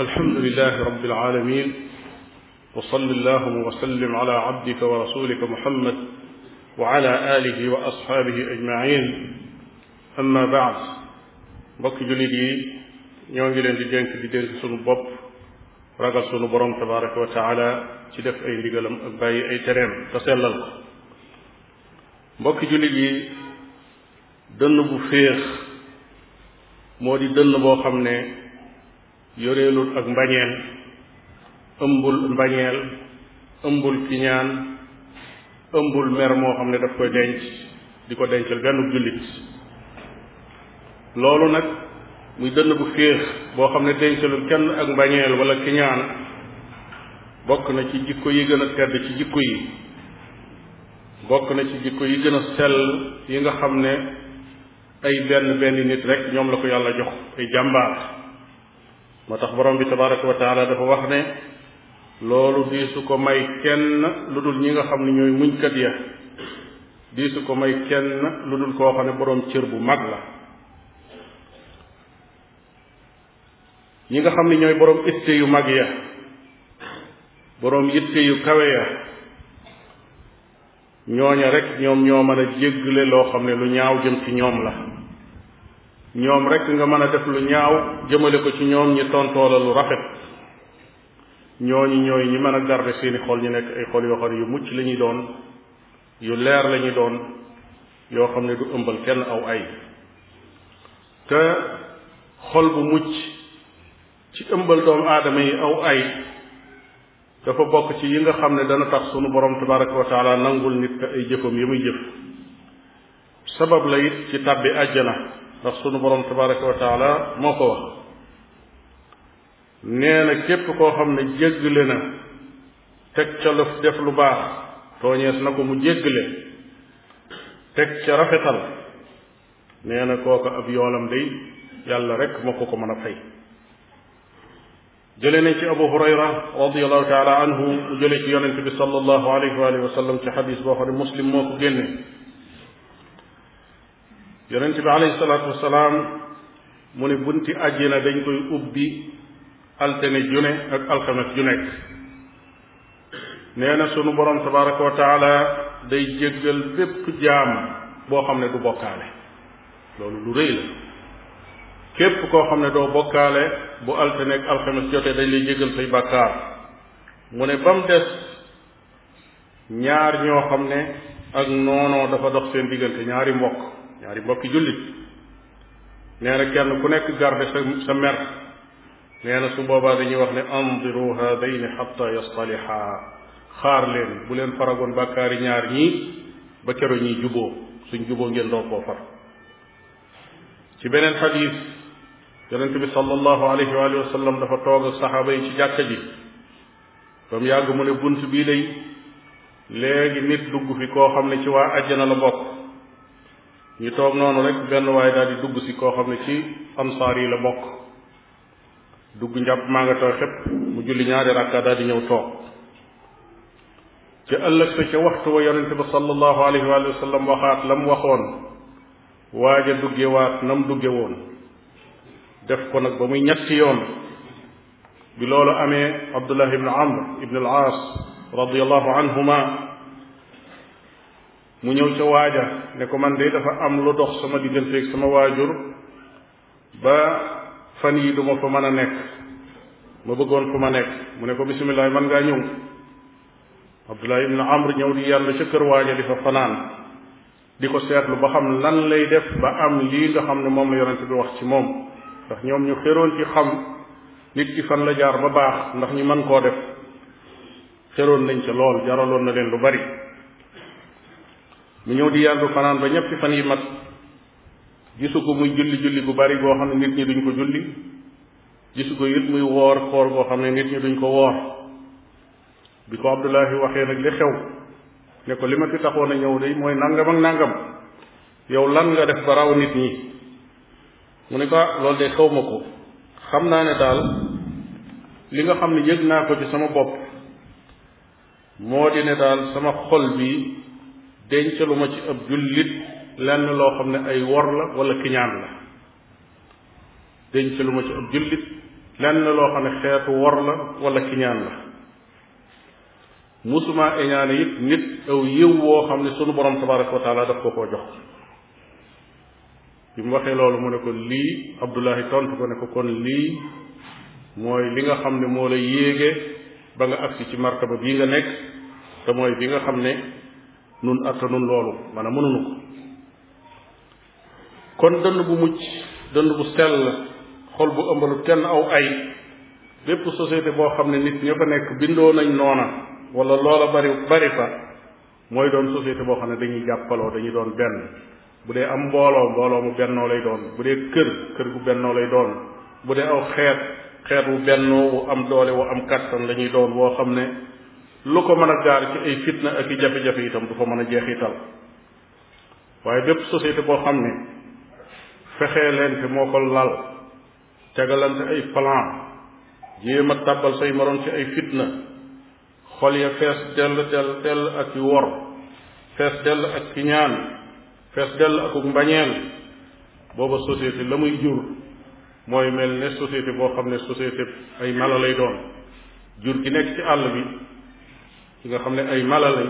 alhamdulilahi rabbil alamin wa salli allahuma wa sallim ala abdika wa rasulika muhammad wa ala alihi wa asxaabihi ajmain amma baad mbokki jullit yi ñoo ngi leen di dénk di dénk sunu bopp ragal sunu borom tabaraka wa taala ci def ay ndigalam ak bàyyi ay tereem te sellal ko mbokki jullit yi dënn bu féex moo di dënn boo xam ne yoreelul ak mbañeel ëmbul mbañeel ëmbul kiñaan ëmbul mer moo xam ne daf koy denc di ko dencal benn jullit loolu nag muy dënn bu féex boo xam ne dencalul kenn ak mbañeel wala kiñaan bokk na ci jikko yi gën a tedd ci jikko yi bokk na ci jikko yi gën a sell yi nga xam ne ay benn benn nit rek ñoom la ko yàlla jox ay jàmbaar moo tax borom bi tabaraka wa taala dafa wax ne loolu diisu ko may kenn lu dul ñi nga xam ne ñooy muñkat ya diisu ko may kenn lu dul koo xam ne borom cër bu mag la ñi nga xam ne ñooy borom itte yu mag ya borom itte yu kawe ya ñooña rek ñoom ñoo mën a jéggale loo xam ne lu ñaaw jëm ci ñoom la ñoom rek nga mën a def lu ñaaw jëmale ko ci ñoom ñi tontoo la lu rafet ñooñu ñooy ñi mën a garder seeni xol ñu nekk ay xol yoo xam ne yu mucc lañuy ñuy doon yu leer lañuy ñuy doon yoo xam ne du ëmbal kenn aw ay te xol bu mucc ci ëmbal doomu aadama yi aw ay dafa bokk ci yi nga xam ne dana tax sunu borom tabaraka wa taala nangul nit ka ay jëfam yi muy jëf sabab la it ci tàbbi na ndax sunu borom tabaraka wa taala moo ko wax nee na képp koo xam ne jéggale na teg ca lu def lu baax tooñees na ko mu jéggale teg ca rafetal nee na kooka ab yoolam day yàlla rek moo ko ko mën a fay jële nañ ci abu hurayra radiallahu taala anhu mu jële ci yonente bi sallallahu alayhi wa alihi wa sallam ci xadis boo xam ne muslim moo ko génne yonent bi alayhi salaatu salaam mu ne bunti àjjina dañ koy ubbi altine ju ne ak alxames ju nekk nee na sunu borom tabaraka wa taala day jéggal bépp jaam boo xam ne du bokkaale loolu lu rëy la képp koo xam ne doo bokkaale bu altine ak alxames jotee dañ lay jéggal say bàkkaar mu ne ba mu des ñaar ñoo xam ne ak noonoo dafa dox seen diggante ñaari mbokk ñaari mbokki jullit nee na kenn ku nekk garde sa sa na su boobaa dañuy wax ne andiru haadayni xatta yastalihaa xaar leen bu leen faragoon bàkkaari ñaar ñii ba kero ñuy juboo suñ juboo ngeen doo koo far ci beneen xadis yonente bi sallallahu alayhi wa sallam dafa toog ak saxaaba yi ci jàkka ji ba mu yàgg mu ne bunt bii day léegi nit dugg fi koo xam ne ci waa àjjana la bokk ñu toog noonu rek benn waay daal di dugg si koo xam ne ci ansaar yi la bokk dugg njàpp maa nga tooy xëpp mu julli ñaari rakka daal di ñëw toog ca ëllëg sa ca waxtu wa yonente ba sallallahu alayhi wa sallam waxaat la waxoon waaj dugge waat nam dugge woon def ko nag ba muy ñetti yoon bi loolu amee abdullah ibn amr ibn al aas radiallahu anhuma mu ñëw ca waaja ne ko man de dafa am lu dox sama digganteeg sama waajur ba fan yi duma ko mën a nekk ma bëggoon fu ma nekk mu ne ko bisimilah man ngaa ñëw Abdullah ibn Amr ñëw di yàlla ca kër waaja di fa fanaan di ko seetlu ba xam lan lay def ba am lii nga xam ne moom la yonente bi wax ci moom ndax ñoom ñu xéroon ci xam nit ki fan la jaar ba baax ndax ñu man koo def xéroon nañ ca lool jaraloon na leen lu bari mu ñëw di yàllu fanaan ba ñetti fan yi mat gisu ko muy julli julli bu bari boo xam ne nit ñi duñ ko julli gisu ko it muy woor koor boo xam ne nit ñi duñ ko woor bi ko Abdullahi waxee nag li xew ne ko li ma fi taxoon a ñëw de mooy nangam ak nàngam yow lan nga def ba raw nit ñi mu ne ko ah, loolu de xaw ma ko xam naa ne daal li nga xam ne yëg naa ko ci sama bopp moo di ne daal sama xol bi dencalu ma ci ab jullit lenn loo xam ne ay wor la wala kiñaan la dencalu ci ab jullit lenn loo xam ne xeetu wor la wala kiñaan la musuma eñaane it nit aw yiw woo xam ne sunu borom tabaraka wa taala daf ko jox bi mu waxee loolu mu ne ko lii Abdullahi tontu ko ne ko kon lii mooy li nga xam ne moo la yéege ba nga agsi ci martaba bii nga nekk te bi nga xam ne nun attanun loolu maanaam mënuñu ko kon dënd bu mucc dënd bu sell xol bu ëmbalut kenn aw ay bépp société boo xam ne nit ña fa nekk bindoo nañ noona wala loola bari bari fa mooy doon société boo xam ne dañuy jàppaloo dañuy doon benn bu dee am mbooloo mbooloo mu bennoo lay doon bu dee kër kër gu bennoo lay doon bu dee aw xeet xeet wu bennoo wu am doole wu am kàttan la ñuy doon woo xam ne lu ko mën a gaar ci ay fitna ak yi jafe-jafe itam du fa mën a jeexital waaye bépp société boo xam ne fexeeleente moo ko lal tegalante ay plan jéem a tàbbal say moroom ci ay fitna xol ya fees dell dell ak i wor fees dell ak ki ñaan fees dell akuk mbañeel booba société la muy jur mooy mel ne société boo xam ne société ay mala lay doon jur gi nekk ci àll bi ci nga xam ne ay malale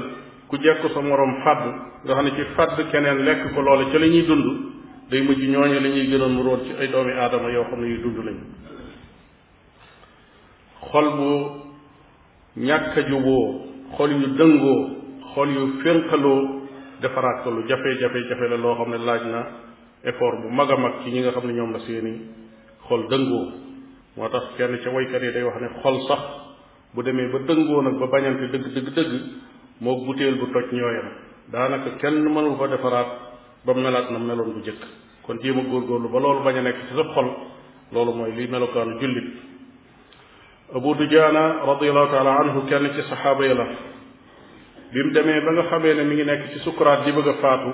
ku jekku sa moroom fàdd nga xam ne ci fàdd keneen lekk ko loola ca la ñuy dund day mujj ñooñu la ñuy gënoon mu róot ci ay doomi aadama yoo xam ne yu dund lañ xol bu ñàkk a xol yu dëngoo xol yu fénqaloo defaraat ko lu jafe-jafe-jafe la loo xam ne laaj na effort bu mag a mag ci ñi nga xam ne ñoom la seeni xol dëngoo moo tax kenn ca waykat yi day wax ne xol sax bu demee ba dëngoo nag ba bañante dëgg dëgg dëgg moo butéel bu toj ñooyam daanaka kenn mënu fa defaraat ba melaat na meloon bu jëkk kon jéem a góorgóorlu ba loolu bañ a nekk ci loolu mooy li melokaanu jullit abu dujaana radiallahu taala anhu kenn ci saxaaba yi la bi mu demee ba nga xamee ne mi ngi nekk ci sukuraat di bëgg a faatu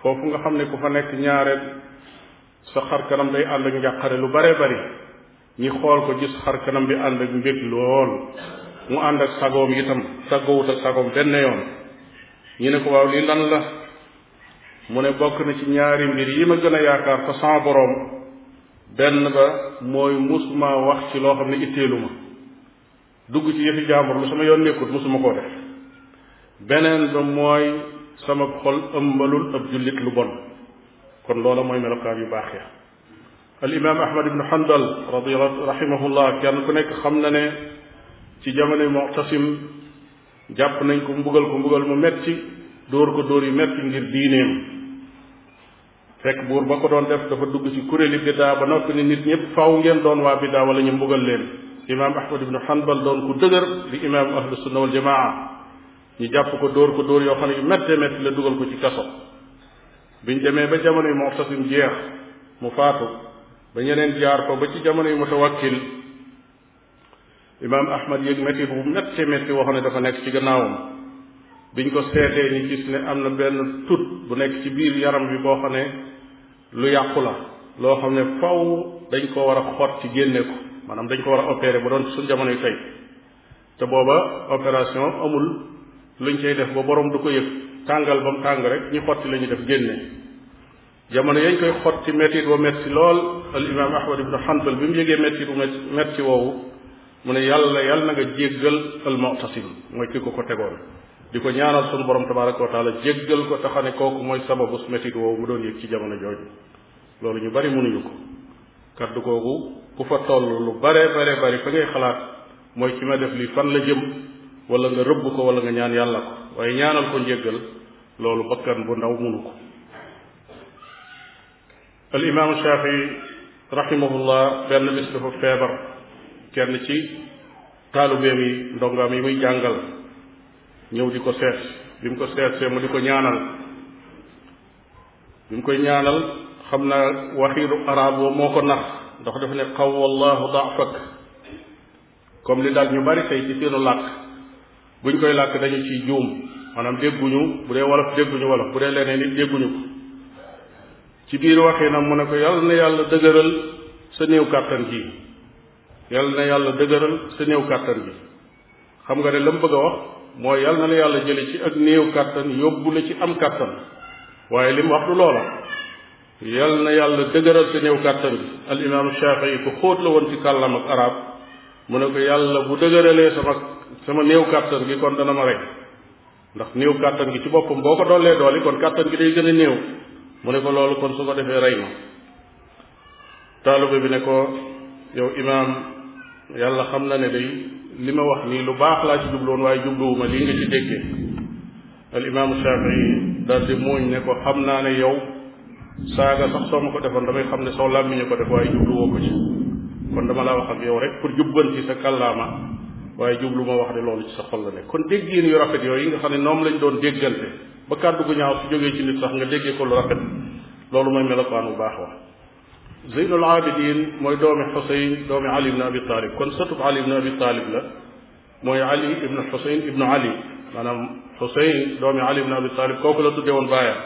foofu nga xam ne ku fa nekk ñaareel sa xar kanam day ànd ak njàqare lu bare bari ñi xool ko gis xar kanam bi ànd ak mbég lool mu ànd ak sagoom itam tàggoowut ak sagoom benn yoon ñu ne ko waaw lii lan la mu ne bokk na ci ñaari mbir yi ma gën a yaakaar fa sama boroom benn ba mooy musuma ci loo xam ne itteelu dugg ci yëfi jaambur lu sama yoon nekkut musuma koo def beneen ba mooy sama xol ëmbalul ab jullit lu bon kon loola mooy melokaan yu baax al imaam ahmad ibnu hanbal radiyallahu rahimahullah ku nekk xam na ne ci jamono mu'tasim jàpp nañ ko mbugal ko mbugal mu metti dóor ko dóor yu metti ngir diineem fekk buur ba ko doon def dafa dugg ci kuréeli biddaa ba noppi ni nit ñëpp faw ngeen doon waa biddaa wala ñu mbugal leen imaam ahmad ibnu hanbal doon ku dëgër di imaam ahlu sunna wal jamaa ñu jàpp ko dóor ko dóor yoo xam ne yu méttee métti la dugal ko ci kaso biñ demee ba jamono yi mu'tasim jeex mu faatu ba ñeneen jaar ko ba ci jamono yu mutawakkil imaam ahmad yëg métti bu métti métti waxoon ne dafa nekk ci gannaawam biñ ko seetee ñu gis ne am na benn tut bu nekk ci biir yaram bi boo xam ne lu yàqu la loo xam ne faw dañ ko war a xot ci génne ko maanaam dañ ko war a opérer ba doon suñ jamono yu tey te booba opération amul luñ cay def ba borom du ko yëg tàngal ba mu tàng rek ñu xotti la ñu def génne jamono yañ koy xotti mettit wa metti lool al imaam ahmad ibnu hanbal bi mu yëgee mettit wu metti woowu mu ne yàlla yàlla na nga jéggal al mu'tasim mooy ki ko ko tegoon di ko ñaanal sunu borom tabaraka wa taala jéggal ko taxane kooku mooy sababu mettit woowu mu doon yëg ci jamono jooju loolu ñu bari mënuñu ko kaddu googu ku fa toll lu bare bare bari fa ngay xalaat mooy ki ma def lii fan la jëm wala nga rëbb ko wala nga ñaan yàlla ko waaye ñaanal ko njéggal loolu bakkan bu ndaw mënu ko al imaamu shafii rahimahullah benn bis feebar kenn ci taalibeem yi ndongaam yi muy jàngal ñëw di ko seet bi mu ko seetsee mu di ko ñaanal bi mu koy ñaanal xam naa waxiiru arab boobu moo ko nax ndax dafa ne qaw wallahu daafak comme li daal ñu bari tey ci seenu làkk buñ koy làkk dañu ciy juum maanaam dégguñu bu dee wolof dégguñu wolof bu dee leneen it dégguñu ko ci biir waxinam mu ne ko yàlla na yàlla dëgëral sa néew kàttan gi yàlla na yàlla dëgëral sa néew kàttan gi xam nga ne la mu bëgg a wax mooy yàlla na la yàlla jële ci ak néew kàttan yóbbu la ci am kàttan waaye li mu wax du loola na yàlla dëgëral sa néew kàttan gi al imaamu Shafii ko xóot la woon ci kàllaam ak araab mu ne ko yàlla bu dëgëralee sama sama néew kàttan gi kon dana ma rey ndax néew kàttan gi ci boppam boo ko doolee dooli kon kàttan gi day gën a néew mu ne ko loolu kon su ko defee rey ma taalibe bi ne ko yow imaam yàlla xam na ne day li ma wax nii lu baax laa ci jubloon waaye jubluwuma lii nga ci déggee al imaamu Shafii daal di muuñ ne ko xam naa ne yow saaga sax soo ma ko defoon damay xam ne soo làmmiñu ko def waaye jubluwoo ko ci kon dama laa wax ak yow rek pour jubbanti sa kallaama waaye jublu ma wax ne loolu ci sa xol la ne kon dégg yéen yu rafet yooyu nga xam ne noom lañ doon déggante ba kàddu gu ñaaw su jógee ci nit sax nga déggee ko lu rafet loolu mooy melokaan bu baax wax zeynul abidin mooy doomi xusayn doomi ali ibn abi talib kon la mooy ali ibn xusayn ibnu maanaam xusayn doomi ali ibn kooku la tudde woon baayam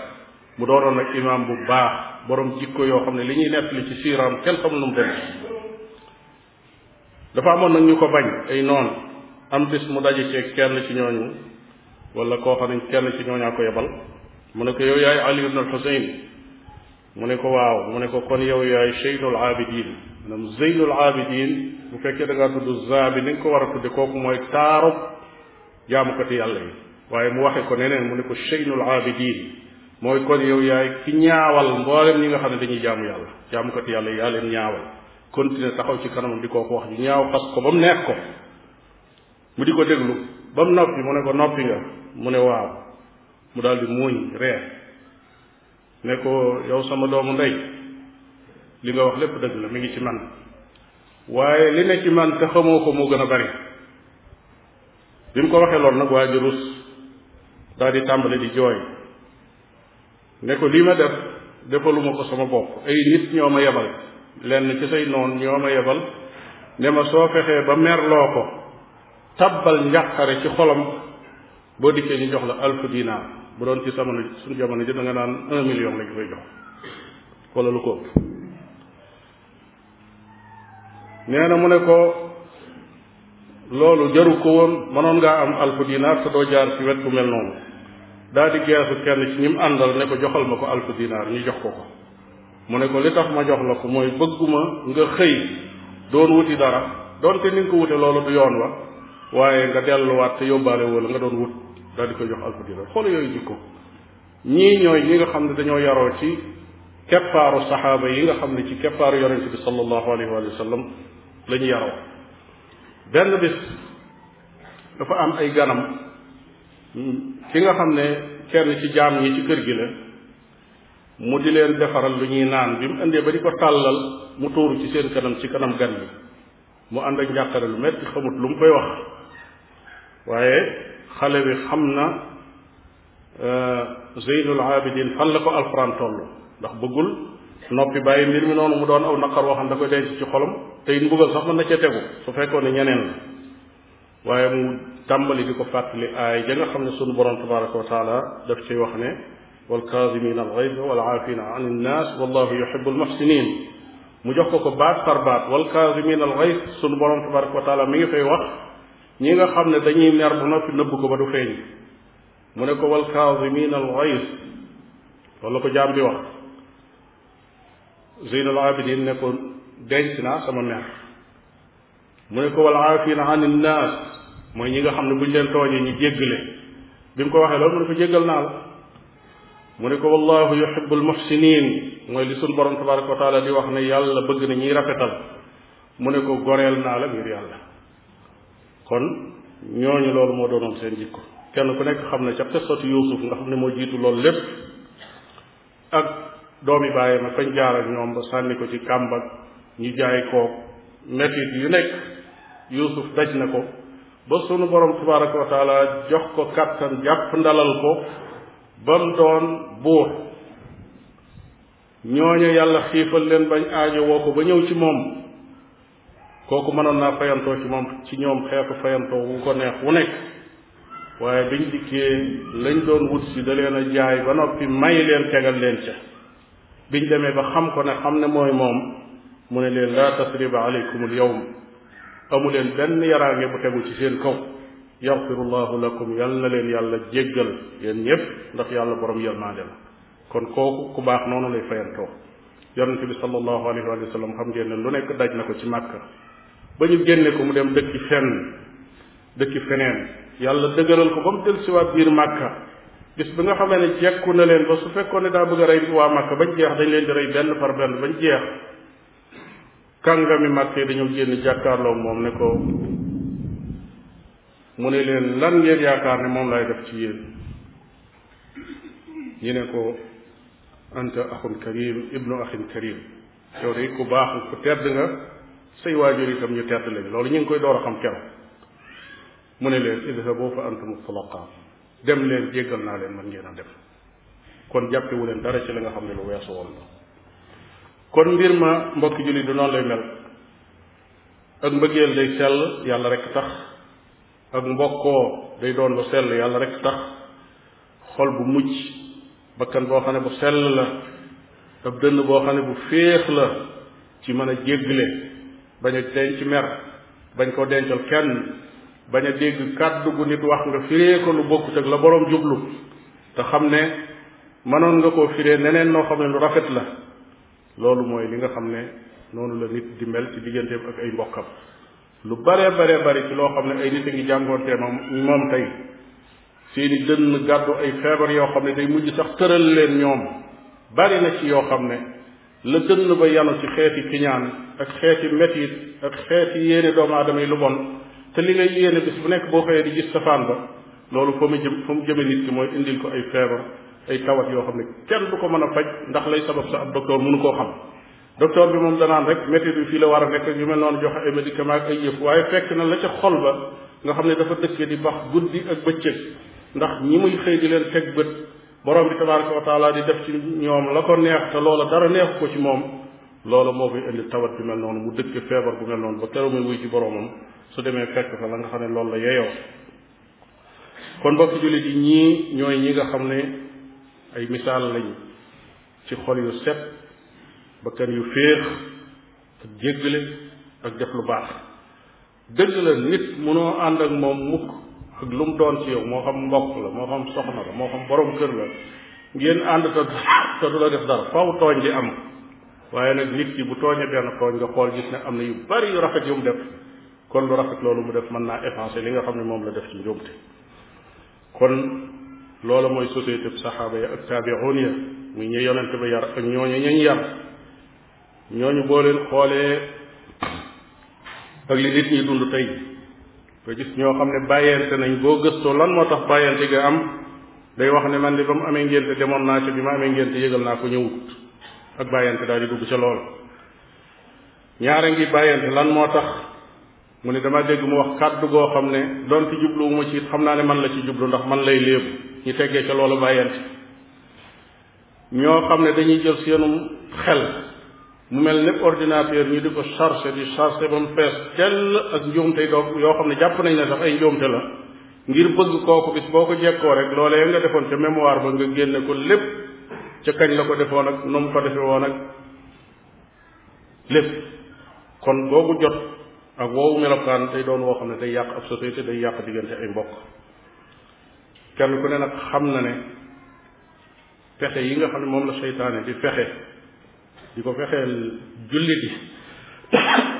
mu doonoon nag imaam bu baax borom jikko yoo xam ne li ñuy nettali ci siiraam kenn xamul nu mu dem dafa amoon nag ñu ko bañ ay noon am bis mu daje ci kenn ci ñooñu wala koo xam ne kenn ci ñooñaa ko yebal mu ne ko yow yaay ali ibn al xusain mu ne ko waaw mu ne ko kon yow yaay cheynul abidin maanaam zeynul abidin bu fekkee da ngaa tudd za bi ni ko war a tudde kooku mooy taarub jaamukati yàlla yi waaye mu waxe ko neneen mu ne ko cheynul abidin mooy kon yow yaay ki ñaawal mboolem ñi nga xam ne dañuy jaamu yàlla jaamukati yàlla yi yaa leen ñaawal continuer taxaw ci kanamam di kooku wax ñu ñaaw xas ko ba mu neex ko mu di ko déglu ba mu noppi mu ne ko noppi nga mu ne waaw mu daal di muuñ reer ne ko yow sama doomu ndey li nga wax lépp dëgg la mi ngi ci man waaye li ne ci man te xamoo ko moo gën a bari bi mu ko waxee loolu nag waa ji daldi tàmbali di jooy ne ko lii ma def defaluma ko sama bopp ay nit ñoo ma yebal lenn ci say noon ñoo ma yebal ne ma soo fexee ba merloo ko tabbal njàqare ci xolam boo dikkee ñu jox la alfu dinaar bu doon ci sama suñu jamono ji da nga naan un million lañ koy jox wala lu ko ëpp nee mu ne ko loolu jaru ko woon mënoon ngaa am alfu dinaar doo jaar ci wet bu mel noonu daa di geesu kenn ci ñi mu àndal ne ko joxal ma ko alfu ñu jox ko ko mu ne ko li tax ma jox la ko mooy bëgguma nga xëy doon wuti dara doonte ni nga ko wute loolu du yoon wa waaye nga delluwaat te yóbbaale woon nga doon wut daal di koy jox alfadina xool yooyu jikko ñii ñooy ñi nga xam ne dañoo yaroo ci keppaaru saxaaba yi nga xam ne ci keppaaru yonente bi sallallahu alayhi wa sallam la ñu yaroo benn bis dafa am ay ganam ki nga xam ne kenn ci jaam ñi ci kër gi la mu di leen defaral lu ñuy naan bi mu indee ba di ko tàllal mu tuuru ci seen kanam ci kanam gan bi mu àndak ak njàqare lu metti xamut lu mu koy wax waaye xale bi xam na euh, zeynul abidin fan la ko alxuraan toll ndax bëggul noppi bàyyi mbir mi noonu mu doon aw naqar woo xam da koy denc ci xolam te it mbugal sax mën na ca tegu su fekkoon ne ñeneen la waaye mu tàmbali di ko fàttali aay ja nga xam ne sunu borom tabaraka wa taala daf ciy wax ne wal kaazimina al gayza wal aafina an innas mu jox ko ko baat par baat wal kaazimina al gayz sunu mi ngi fay wax ñi nga xam ne dañuy mer bu noppi nëbb ko ba du feeñ mu ne ko wal kaazimiin al ghays loolu la ko jaam bi wax Zeynul Abidin ne ko denc naa sama mer mu ne ko wal aafina anin naas ñi nga xam ne buñ leen tooñee ñu jéggale bi mu ko waxee loolu mu ne ko jéggal naa la mu ne ko wallahu yuhibbu al muhsinin mooy li suñ borom tabaraka wa di wax ne yàlla bëgg na ñiy rafetal mu ne ko goreel naa la ngir yàlla kon ñooñu loolu moo doonoon seen jikko kenn ku nekk xam ne ca qissatu yuusuf nga xam ne moo jiitu loolu lépp ak doomi bàyyi ma fañ jaar ak ñoom ba sànni ko ci kàmbag ñu jaay koo metit yu nekk yuusuf daj na ko ba sunu borom tabaraka wa jox ko kàttan jàpp ndalal ko ba mu doon buur ñooñu yàlla xiifal leen bañ aajo woo ko ba ñëw ci moom kooku mënoon naa fayantoo ci moom ci ñoom xeetu fayantoo wu ko neex wu nekk waaye biñ dikkee lañ doon wut si da leen a jaay ba noppi may leen tegal leen ca biñ demee ba xam ko ne xam ne mooy moom mu ne leen laa tasriba aleykum al yawm amu leen benn yaraange bu tegu ci seen kaw yaxfirullahu lakum yal na leen yàlla jéggal yéen ñëpp ndax yàlla borom maa la kon kooku ku baax noonu lay fayantoo yonente bi sallallahu alayhi wa sallam xam ngeen lu nekk daj na ko ci màkka ba ñu génnee ko mu dem dëkki fenn dëkki feneen yàlla dëgëral ko ba mu del siwaat biir màkka bis bi nga xamee ne jekku na leen ba su fekkoon ne daa bëgg a rey waa màkka bañ jeex dañ leen di rey benn par benn bañ jeex kàngami màkk yi dañoo génn jàkkaarloo moom ne ko mu ne leen lan ngeen yaakaar ne moom lay def ci yéen ñu ne ko anta axun karim ibnu axin karim yow de ku baax ku tedd nga say waajur yi tam ñu tedd leen loolu ñu ngi koy door a xam keroog mu ne leen idhabu fa antum tulaqa dem leen jéggal naa leen man ngeen a dem kon jàppewu leen dara ci la nga xam ne lu weesu woon la kon mbir ma mbokki jullit du noonu lay mel ak mbëggeel day sell yàlla rek tax ak mbokkoo day doon lu sell yàlla rek tax xol bu mucc bakkan boo xam ne bu sell la ab dënn boo xam ne bu féex la ci mën a jéggale bañ a denc mer bañ koo dencal kenn bañ a dégg kàddu gu nit wax nga firee ko lu bokkut ak la boroom jublu te xam ne mënoon nga koo firee neneen noo xam ne lu rafet la loolu mooy li nga xam ne noonu la nit di mel ci digganteem ak ay mbokkam lu bare bare bari ci loo xam ne ay nit a ngi jàngoonte moom moom tey seeni dënn gàddu ay feebar yoo xam ne day mujj sax tëral leen ñoom bari na ci yoo xam ne la dënn ba yanu ci xeeti kiñaan ak xeeti metit ak xeeti yéene doomu aadama yi lu bon te li ngay yéene bis bu nekk boo xëyee di gis safaan ba loolu fa mu jëm fa mu jëme nit ki mooy indil ko ay feebar ay tawat yoo xam ne kenn du ko mën a faj ndax lay sabab sa ab docteur mënu koo xam docteur bi moom danaan rek métit bi fii la war a nekk yu mel noonu joxe ay médicament ak ay yëf waaye fekk na la ca xol ba nga xam ne dafa dëkke di bax guddi ak bëccëg ndax ñi muy xëy di leen teg bët borom bi tabaraka wa taala di def ci ñoom la ko neex te loola dara neexu ko ci moom loola moo koy indi tawat bi mel noonu mu dëkk feebar bu mel noonu ba keroog muy wuy ci su demee fekk fa la nga xam ne loolu la yeyoo kon mbokk jullit yi ñii ñooy ñi nga xam ne ay misaal lañ ci xol yu set ba bakkan yu féex ak jéggale ak def lu baax dëgg la nit mënoo ànd ak moom mukk ak lu mu doon ci yow moo xam mbokk la moo xam soxna la moo xam borom kër la ngeen ànd te te du la def dara faw tooñ di am waaye nag nit ki bu tooñee benn tooñ nga xool gis ne am na yu bari yu rafet yu mu def kon lu rafet loolu mu def mën naa effacer li nga xam ne moom la def ci njuumte mooy société bu saxaaba ya ak taabi'un ya muy ñi yonente ba yar ak ñooñu ñañ yar ñooñu boo xoolee ak li nit ñi dund tey nga gis ñoo xam ne bàyyante nañ boo gëstoo lan moo tax bàyyante ga am day wax ne man li ba mu amee ngénte demoon naa ca bi ma amee ngénte yëgal naa ko ñëwut ak bàyyante daal di dugg ca lool ñaara ngi bàyyante lan moo tax mu ne dama dégg mu wax kàddu goo xam ne donte jubluwuma ci it xam naa ne man la ci jublu ndax man lay léebu ñu teggee ca loolu bàyyante ñoo xam ne dañuy jël seenum xel mu mel ne ordinateur ñu di ko chargé di chargé ba mu fees tell ak njuumte doo yoo xam ne jàpp nañ ne sax ay njuumte la ngir bëgg kooku bis boo ko jekkoo rek loolee nga defoon ca mémoire ba nga génne ko lépp ca kañ la ko defoon ak nu mu ko defee woon ak lépp kon googu jot ak woowu melokaan tey doon woo xam ne day yàq ab société day yàq diggante ay mbokk kenn ku ne nag xam na ne pexe yi nga xam ne moom la seytaane di fexe di ko fexeel jullit yi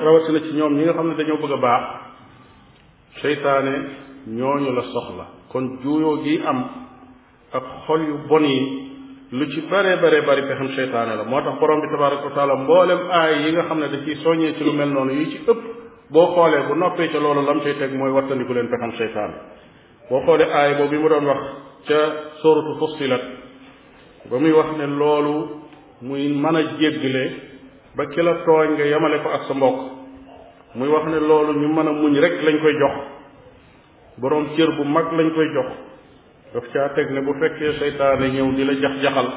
rawatina ci ñoom ñi nga xam ne dañoo bëgg a baax seytaane ñooñu la soxla kon juuyoo gi am ak xol yu bon yi lu ci bare bare bari pexem seytaane la moo tax borom bi tabaraka wa taala mboolem aay yi nga xam ne da ciy soññee ci lu mel noonu yi ci ëpp boo xoolee bu noppee ca loolu lam cay teg mooy wattandiku leen pexem seytaane boo xoolee aay boobu yi ma doon wax ca sóoratu fussilat ba muy wax ne loolu muy mën a jéggale ba ki tooñ nga yemale ko ak sa mbokk muy wax ne loolu ñu mën a muñ rek lañ koy jox boroom cër bu mag lañ koy jox daf caa teg ne bu fekkee seytaane ñëw di la jax-jaxal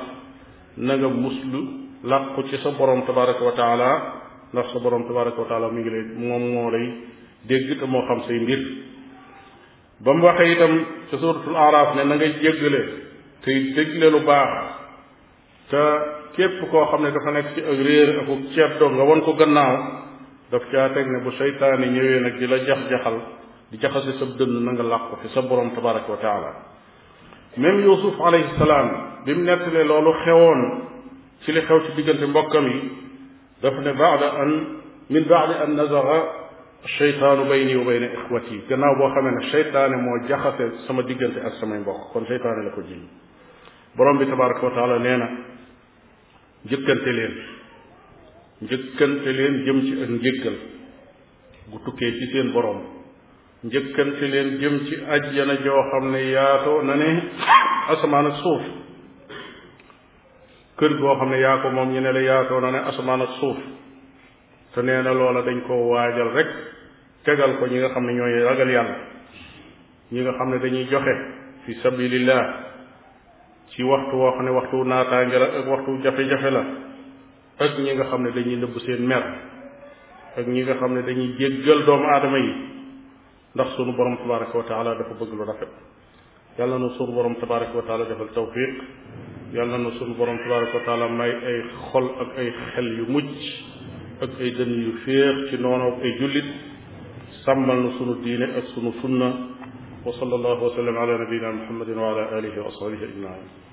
na nga muslu làqu ci sa borom tabaraka wa taala ndax sa borom tabaraka wa taala mu ngi lay moom moo lay dégg te moo xam say mbir ba mu waxee itam ca suratul araaf ne na ngay jéggale tey dégle lu baax te képp koo xam ne dafa nekk ci ak réer ceeb doom nga won ko gannaaw daf caa teg ne bu seytaane ñëwee nag di la jax-jaxal di jaxase sa dënn na nga làq ko fi sa borom tabaraka wa taala même yusuf alayhi salaam bi mu nettalee loolu xewoon ci li xew ci diggante mbokkam yi daf ne baada an min baadi an nazara cheytaanu wa bayna ixwati yi gannaaw boo xamee ne cheytaane moo jaxase sama diggante ak samay mbokk kon cheytaane la ko jiñ borom bi tabaraka wa taala nee na njëkkante leen njëkkante leen jëm ci ak njëggal gu tukkee ci seen borom njëkkante leen jëm ci ajjana joo xam ne yaatoo na ne asamaan ak suuf kër goo xam ne yaa ko moom ñenee la yaatoo na ne asamaan ak suuf te nee na loola dañ koo waajal rek tegal ko ñi nga xam ne ñooy ragal yàlla ñi nga xam ne dañuy joxe fi sabilillah ci waxtu woo xam ne waxtu naataange la ak waxtu jafe-jafe la ak ñi nga xam ne dañuy nëbb seen mer ak ñi nga xam ne dañuy jéggal doomu aadama yi ndax sunu borom tabaraka wa taala dafa bëgg lu rafet yàlla na sunu borom tabaraka wa taala defal tawfiq yàlla na sunu borom tabaraka wa taala may ay xol ak ay xel yu mucc ak ay dënn yu féex ci noonu ak ay jullit sàmmal na sunu diine ak sunu sunna wa sallallahu wa sallam ala nabiyina muhammadin wa ala alihi wa ashabihi ajmain